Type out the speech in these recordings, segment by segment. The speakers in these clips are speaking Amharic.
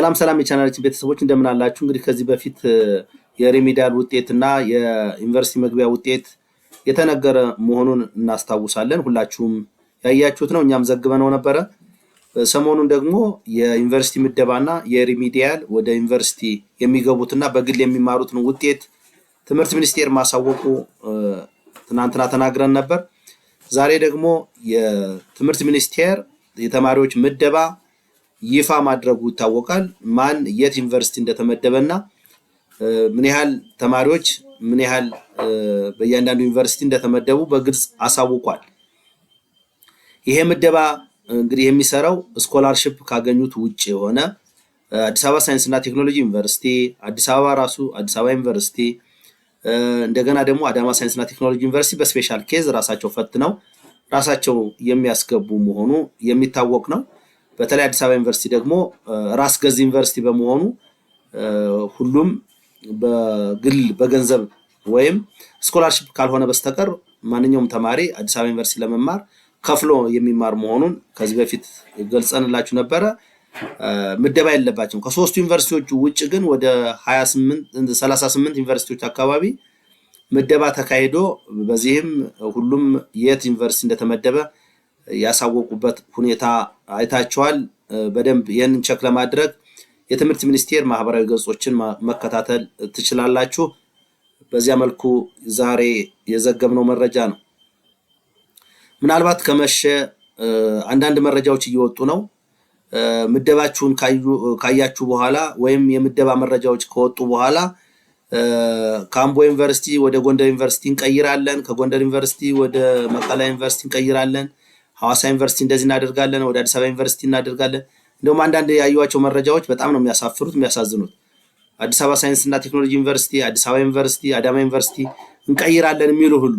ሰላም ሰላም የቻናላችን ቤተሰቦች እንደምን አላችሁ? እንግዲህ ከዚህ በፊት የሪሚዲያል ውጤት እና የዩኒቨርሲቲ መግቢያ ውጤት የተነገረ መሆኑን እናስታውሳለን። ሁላችሁም ያያችሁት ነው፣ እኛም ዘግበነው ነበረ። ሰሞኑን ደግሞ የዩኒቨርሲቲ ምደባና የሪሚዲያል ወደ ዩኒቨርሲቲ የሚገቡትና በግል የሚማሩትን ውጤት ትምህርት ሚኒስቴር ማሳወቁ ትናንትና ተናግረን ነበር። ዛሬ ደግሞ የትምህርት ሚኒስቴር የተማሪዎች ምደባ ይፋ ማድረጉ ይታወቃል። ማን የት ዩኒቨርሲቲ እንደተመደበና ምን ያህል ተማሪዎች ምን ያህል በእያንዳንዱ ዩኒቨርሲቲ እንደተመደቡ በግልጽ አሳውቋል። ይሄ ምደባ እንግዲህ የሚሰራው ስኮላርሽፕ ካገኙት ውጭ የሆነ አዲስ አበባ ሳይንስና ቴክኖሎጂ ዩኒቨርሲቲ፣ አዲስ አበባ ራሱ አዲስ አበባ ዩኒቨርሲቲ፣ እንደገና ደግሞ አዳማ ሳይንስና ቴክኖሎጂ ዩኒቨርሲቲ በስፔሻል ኬዝ ራሳቸው ፈትነው ራሳቸው የሚያስገቡ መሆኑ የሚታወቅ ነው። በተለይ አዲስ አበባ ዩኒቨርሲቲ ደግሞ ራስ ገዝ ዩኒቨርሲቲ በመሆኑ ሁሉም በግል በገንዘብ ወይም ስኮላርሽፕ ካልሆነ በስተቀር ማንኛውም ተማሪ አዲስ አበባ ዩኒቨርሲቲ ለመማር ከፍሎ የሚማር መሆኑን ከዚህ በፊት ገልጸንላችሁ ነበረ። ምደባ የለባቸውም። ከሶስቱ ዩኒቨርሲቲዎች ውጭ ግን ወደ 38 ዩኒቨርሲቲዎች አካባቢ ምደባ ተካሂዶ በዚህም ሁሉም የት ዩኒቨርሲቲ እንደተመደበ ያሳወቁበት ሁኔታ አይታችኋል። በደንብ ይህንን ቸክ ለማድረግ የትምህርት ሚኒስቴር ማህበራዊ ገጾችን መከታተል ትችላላችሁ። በዚያ መልኩ ዛሬ የዘገብነው መረጃ ነው። ምናልባት ከመሸ አንዳንድ መረጃዎች እየወጡ ነው። ምደባችሁን ካያችሁ በኋላ ወይም የምደባ መረጃዎች ከወጡ በኋላ ከአምቦ ዩኒቨርሲቲ ወደ ጎንደር ዩኒቨርሲቲ እንቀይራለን፣ ከጎንደር ዩኒቨርሲቲ ወደ መቀላ ዩኒቨርሲቲ እንቀይራለን ሐዋሳ ዩኒቨርሲቲ እንደዚህ እናደርጋለን፣ ወደ አዲስ አበባ ዩኒቨርሲቲ እናደርጋለን። እንደውም አንዳንድ ያዩዋቸው መረጃዎች በጣም ነው የሚያሳፍሩት የሚያሳዝኑት። አዲስ አበባ ሳይንስና ቴክኖሎጂ ዩኒቨርሲቲ፣ አዲስ አበባ ዩኒቨርሲቲ፣ አዳማ ዩኒቨርሲቲ እንቀይራለን የሚሉ ሁሉ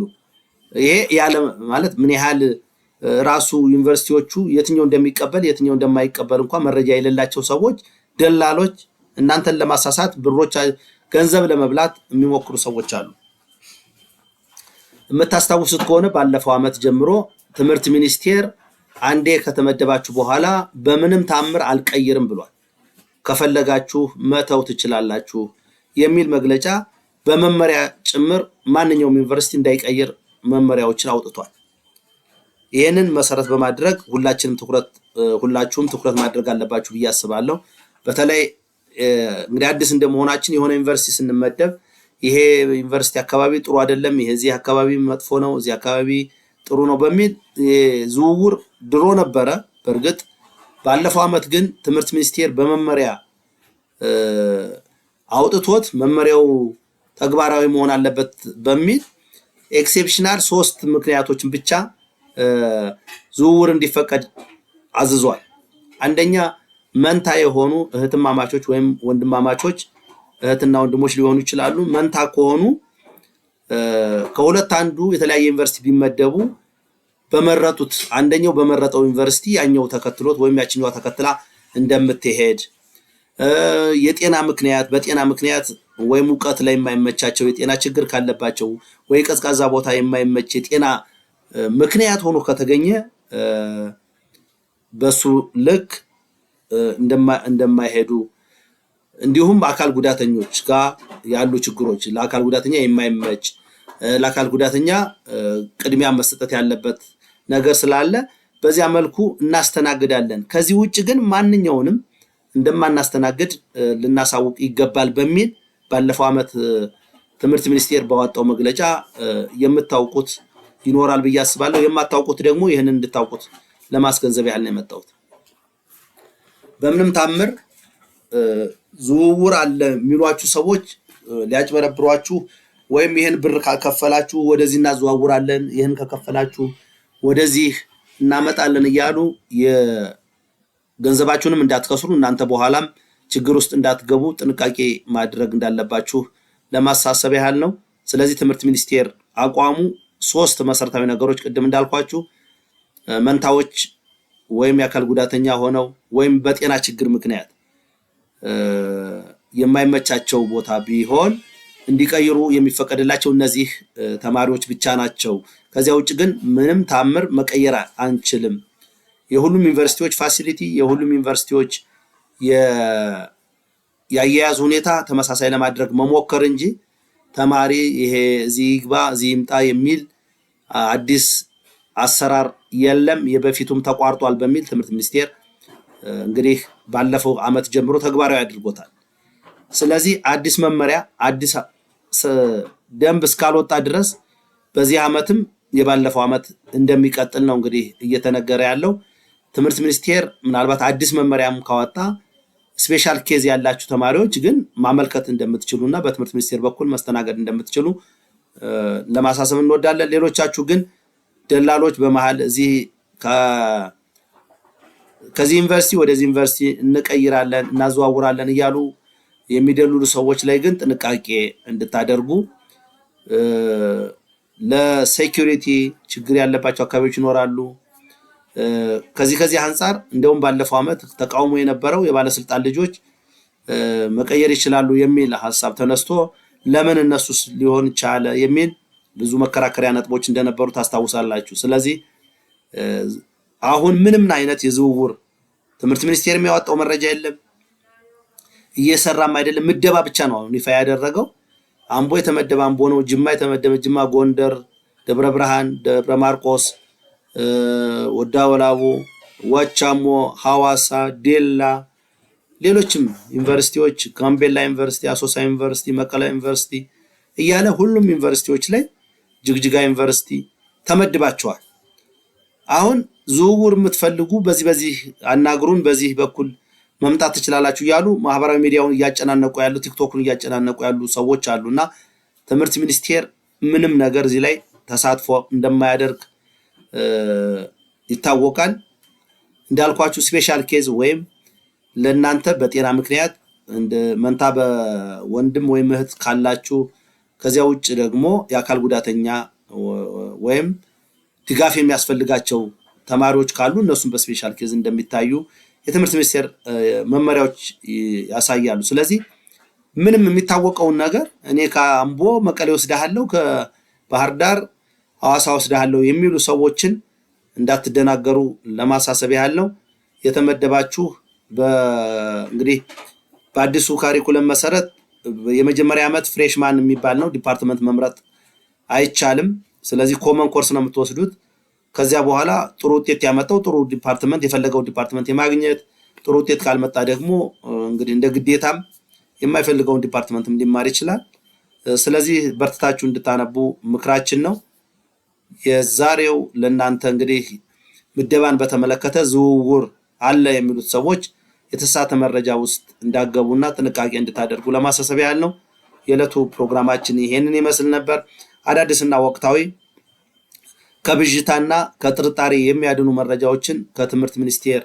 ይሄ ያለ ማለት ምን ያህል ራሱ ዩኒቨርሲቲዎቹ የትኛው እንደሚቀበል የትኛው እንደማይቀበል እንኳ መረጃ የሌላቸው ሰዎች፣ ደላሎች እናንተን ለማሳሳት ብሮች ገንዘብ ለመብላት የሚሞክሩ ሰዎች አሉ። የምታስታውሱት ከሆነ ባለፈው ዓመት ጀምሮ ትምህርት ሚኒስቴር አንዴ ከተመደባችሁ በኋላ በምንም ታምር አልቀይርም ብሏል። ከፈለጋችሁ መተው ትችላላችሁ የሚል መግለጫ በመመሪያ ጭምር ማንኛውም ዩኒቨርሲቲ እንዳይቀይር መመሪያዎችን አውጥቷል። ይህንን መሰረት በማድረግ ሁላችንም ትኩረት ሁላችሁም ትኩረት ማድረግ አለባችሁ ብዬ አስባለሁ። በተለይ እንግዲህ አዲስ እንደመሆናችን የሆነ ዩኒቨርሲቲ ስንመደብ ይሄ ዩኒቨርሲቲ አካባቢ ጥሩ አይደለም፣ ይሄ እዚህ አካባቢ መጥፎ ነው፣ እዚህ አካባቢ ጥሩ ነው በሚል ዝውውር ድሮ ነበረ። በእርግጥ ባለፈው ዓመት ግን ትምህርት ሚኒስቴር በመመሪያ አውጥቶት መመሪያው ተግባራዊ መሆን አለበት በሚል ኤክሴፕሽናል ሶስት ምክንያቶችን ብቻ ዝውውር እንዲፈቀድ አዝዟል። አንደኛ መንታ የሆኑ እህትማማቾች ወይም ወንድማማቾች እህትና ወንድሞች ሊሆኑ ይችላሉ። መንታ ከሆኑ ከሁለት አንዱ የተለያየ ዩኒቨርሲቲ ቢመደቡ በመረጡት አንደኛው በመረጠው ዩኒቨርሲቲ ያኛው ተከትሎት ወይም ያችኛዋ ተከትላ እንደምትሄድ የጤና ምክንያት በጤና ምክንያት ወይም ሙቀት ላይ የማይመቻቸው የጤና ችግር ካለባቸው ወይ ቀዝቃዛ ቦታ የማይመች የጤና ምክንያት ሆኖ ከተገኘ በሱ ልክ እንደማይሄዱ እንዲሁም አካል ጉዳተኞች ጋር ያሉ ችግሮች ለአካል ጉዳተኛ የማይመች ለአካል ጉዳተኛ ቅድሚያ መሰጠት ያለበት ነገር ስላለ በዚያ መልኩ እናስተናግዳለን። ከዚህ ውጭ ግን ማንኛውንም እንደማናስተናግድ ልናሳውቅ ይገባል በሚል ባለፈው ዓመት ትምህርት ሚኒስቴር ባወጣው መግለጫ የምታውቁት ይኖራል ብዬ አስባለሁ። የማታውቁት ደግሞ ይህንን እንድታውቁት ለማስገንዘብ ያህል ነው የመጣሁት። በምንም ታምር ዝውውር አለ የሚሏችሁ ሰዎች ሊያጭበረብሯችሁ ወይም ይህን ብር ከከፈላችሁ ወደዚህ እናዘዋውራለን፣ ይህን ከከፈላችሁ ወደዚህ እናመጣለን እያሉ ገንዘባችሁንም እንዳትከስሩ እናንተ በኋላም ችግር ውስጥ እንዳትገቡ ጥንቃቄ ማድረግ እንዳለባችሁ ለማሳሰብ ያህል ነው። ስለዚህ ትምህርት ሚኒስቴር አቋሙ ሶስት መሰረታዊ ነገሮች ቅድም እንዳልኳችሁ መንታዎች ወይም የአካል ጉዳተኛ ሆነው ወይም በጤና ችግር ምክንያት የማይመቻቸው ቦታ ቢሆን እንዲቀይሩ የሚፈቀድላቸው እነዚህ ተማሪዎች ብቻ ናቸው። ከዚያ ውጭ ግን ምንም ታምር መቀየር አንችልም። የሁሉም ዩኒቨርሲቲዎች ፋሲሊቲ፣ የሁሉም ዩኒቨርሲቲዎች የአያያዝ ሁኔታ ተመሳሳይ ለማድረግ መሞከር እንጂ ተማሪ ይሄ እዚህ ይግባ እዚህ ይምጣ የሚል አዲስ አሰራር የለም፣ የበፊቱም ተቋርጧል በሚል ትምህርት ሚኒስቴር እንግዲህ ባለፈው ዓመት ጀምሮ ተግባራዊ አድርጎታል። ስለዚህ አዲስ መመሪያ አዲስ ደንብ እስካልወጣ ድረስ በዚህ ዓመትም የባለፈው ዓመት እንደሚቀጥል ነው እንግዲህ እየተነገረ ያለው። ትምህርት ሚኒስቴር ምናልባት አዲስ መመሪያም ካወጣ ስፔሻል ኬዝ ያላችሁ ተማሪዎች ግን ማመልከት እንደምትችሉ እና በትምህርት ሚኒስቴር በኩል መስተናገድ እንደምትችሉ ለማሳሰብ እንወዳለን። ሌሎቻችሁ ግን ደላሎች በመሀል እዚህ ከዚህ ዩኒቨርሲቲ ወደዚህ ዩኒቨርሲቲ እንቀይራለን እናዘዋውራለን እያሉ የሚደልሉ ሰዎች ላይ ግን ጥንቃቄ እንድታደርጉ ለሴኪሪቲ ችግር ያለባቸው አካባቢዎች ይኖራሉ። ከዚህ ከዚህ አንጻር እንደውም ባለፈው ዓመት ተቃውሞ የነበረው የባለስልጣን ልጆች መቀየር ይችላሉ የሚል ሀሳብ ተነስቶ ለምን እነሱስ ሊሆን ቻለ የሚል ብዙ መከራከሪያ ነጥቦች እንደነበሩ ታስታውሳላችሁ። ስለዚህ አሁን ምንም አይነት የዝውውር ትምህርት ሚኒስቴር የሚያወጣው መረጃ የለም። እየሰራም አይደለም። ምደባ ብቻ ነው አሁን ይፋ ያደረገው። አምቦ የተመደበ አምቦ ነው። ጅማ የተመደበ ጅማ፣ ጎንደር፣ ደብረ ብርሃን፣ ደብረ ማርቆስ፣ ወዳ ወላቡ፣ ዋቻሞ፣ ሐዋሳ፣ ዴላ፣ ሌሎችም ዩኒቨርሲቲዎች ጋምቤላ ዩኒቨርሲቲ፣ አሶሳ ዩኒቨርሲቲ፣ መቀለ ዩኒቨርሲቲ እያለ ሁሉም ዩኒቨርሲቲዎች ላይ ጅግጅጋ ዩኒቨርሲቲ ተመድባቸዋል። አሁን ዝውውር የምትፈልጉ በዚህ በዚህ አናግሩን፣ በዚህ በኩል መምጣት ትችላላችሁ እያሉ ማህበራዊ ሚዲያውን እያጨናነቁ ያሉ ቲክቶክን እያጨናነቁ ያሉ ሰዎች አሉ እና ትምህርት ሚኒስቴር ምንም ነገር እዚህ ላይ ተሳትፎ እንደማያደርግ ይታወቃል። እንዳልኳችሁ ስፔሻል ኬዝ ወይም ለእናንተ በጤና ምክንያት መንታ በወንድም ወይም እህት ካላችሁ ከዚያ ውጭ ደግሞ የአካል ጉዳተኛ ወይም ድጋፍ የሚያስፈልጋቸው ተማሪዎች ካሉ እነሱም በስፔሻል ኬዝ እንደሚታዩ የትምህርት ሚኒስቴር መመሪያዎች ያሳያሉ። ስለዚህ ምንም የሚታወቀውን ነገር እኔ ከአምቦ መቀሌ ወስዳሃለሁ፣ ከባህር ዳር ሐዋሳ ወስዳሃለሁ የሚሉ ሰዎችን እንዳትደናገሩ ለማሳሰብ ያህል ነው። የተመደባችሁ እንግዲህ በአዲሱ ካሪኩለም መሰረት የመጀመሪያ ዓመት ፍሬሽማን የሚባል ነው ዲፓርትመንት መምረጥ አይቻልም። ስለዚህ ኮመን ኮርስ ነው የምትወስዱት። ከዚያ በኋላ ጥሩ ውጤት ያመጣው ጥሩ ዲፓርትመንት የፈለገው ዲፓርትመንት የማግኘት ጥሩ ውጤት ካልመጣ ደግሞ እንግዲህ እንደ ግዴታም የማይፈልገውን ዲፓርትመንትም ሊማር ይችላል። ስለዚህ በርትታችሁ እንድታነቡ ምክራችን ነው። የዛሬው ለእናንተ እንግዲህ ምደባን በተመለከተ ዝውውር አለ የሚሉት ሰዎች የተሳተ መረጃ ውስጥ እንዳገቡና ጥንቃቄ እንድታደርጉ ለማሳሰብ ያህል ነው። የዕለቱ ፕሮግራማችን ይሄንን ይመስል ነበር። አዳዲስና ወቅታዊ ከብዥታና ከጥርጣሬ የሚያድኑ መረጃዎችን ከትምህርት ሚኒስቴር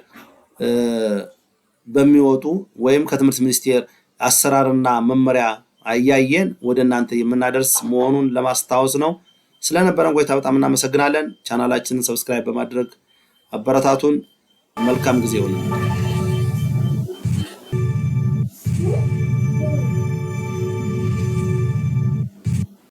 በሚወጡ ወይም ከትምህርት ሚኒስቴር አሰራርና መመሪያ አያየን ወደ እናንተ የምናደርስ መሆኑን ለማስታወስ ነው። ስለነበረን ቆይታ በጣም እናመሰግናለን። ቻናላችንን ሰብስክራይብ በማድረግ አበረታቱን። መልካም ጊዜ ይሁን።